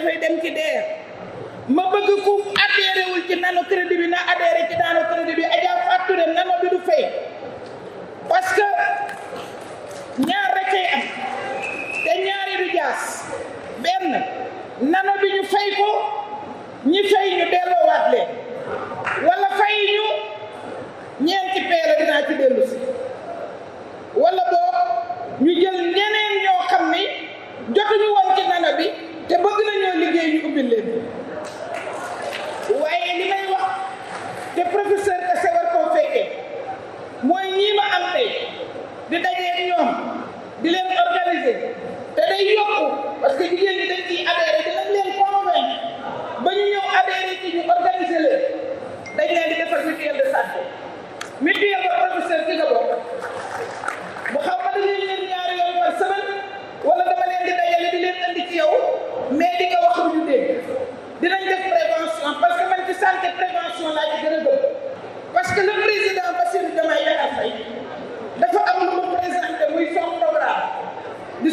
dafay dem ci DER ma bëgg ku adhéré wul ci nano crédit na adhéré ci nano crédit bi Adja Fatou Touré nano bi du fay parce que ñaar rek am te ñaari du benn nano bi ñu fay ko ñi fay ñu delloowaat leen. parce que jigéen ñi dañ ciy adhéré dinañ leen convaincre ba ñu ñëw adhéré ñu organiser dañ leen di defar mutuelle de santé mutuelle ba professeur ci la bokk bu di leen andi ci yow mais di nga wax lu ñu dégg dinañ def prévention parce que man ci santé prévention laa ci gën bëgg parce que le président Bassirou Diomaye Faye dafa am lu mu présenté muy son programme du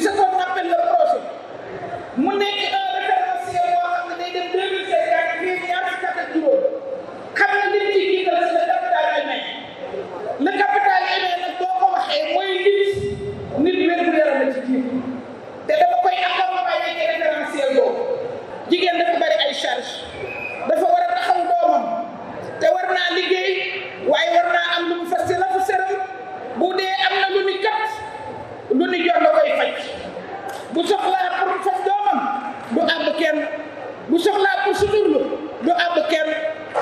lu ni jox la koy faj bu soxlaa pour faj doomam du àbb kenn bu soxlaa pour suturlu du àbb kenn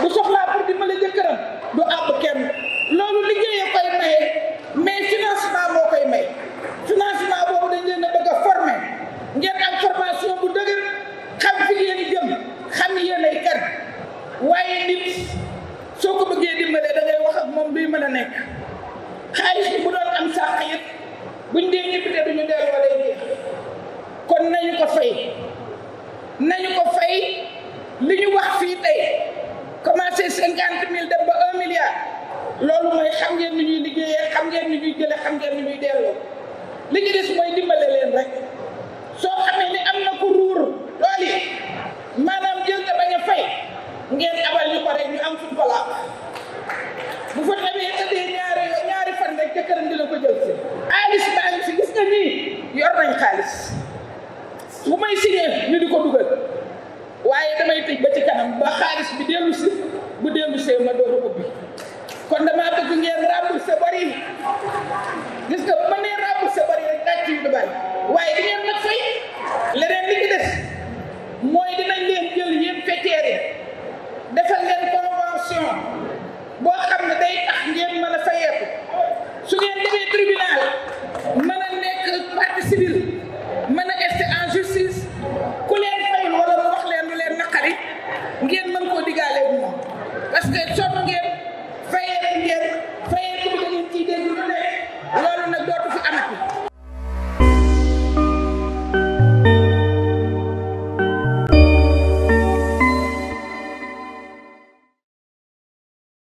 bu soxlaa pour dimbali jëkkëram du àbb kenn loolu liggéeye koy maye mais financement moo koy may financement boobu dañ leen a bëgg a former ngeen am formation bu dëgër xam fi ngeen jëm xam yéen ay kar waaye nit soo bëggee dimbalee da ngay wax ak moom luy mën nekk xaalis bu doon am sàq it buñ dee ñëpp te duñu delloo day jeex kon nañu ko fay nañu ko fay li ñu wax fii tey commencé cinquante mille dem ba un milliard loolu mooy xam ngeen ni ñuy liggéeyee xam ngeen ni ñuy jële xam ngeen ni ñuy delloo li ñu des mooy dimbale bu may signé ñu di ko dugal waaye damay tëj ba ci kanam ba xaalis bi dellu si bu dellu see ma door a ubbi kon damaa bëgg ngeen remboursé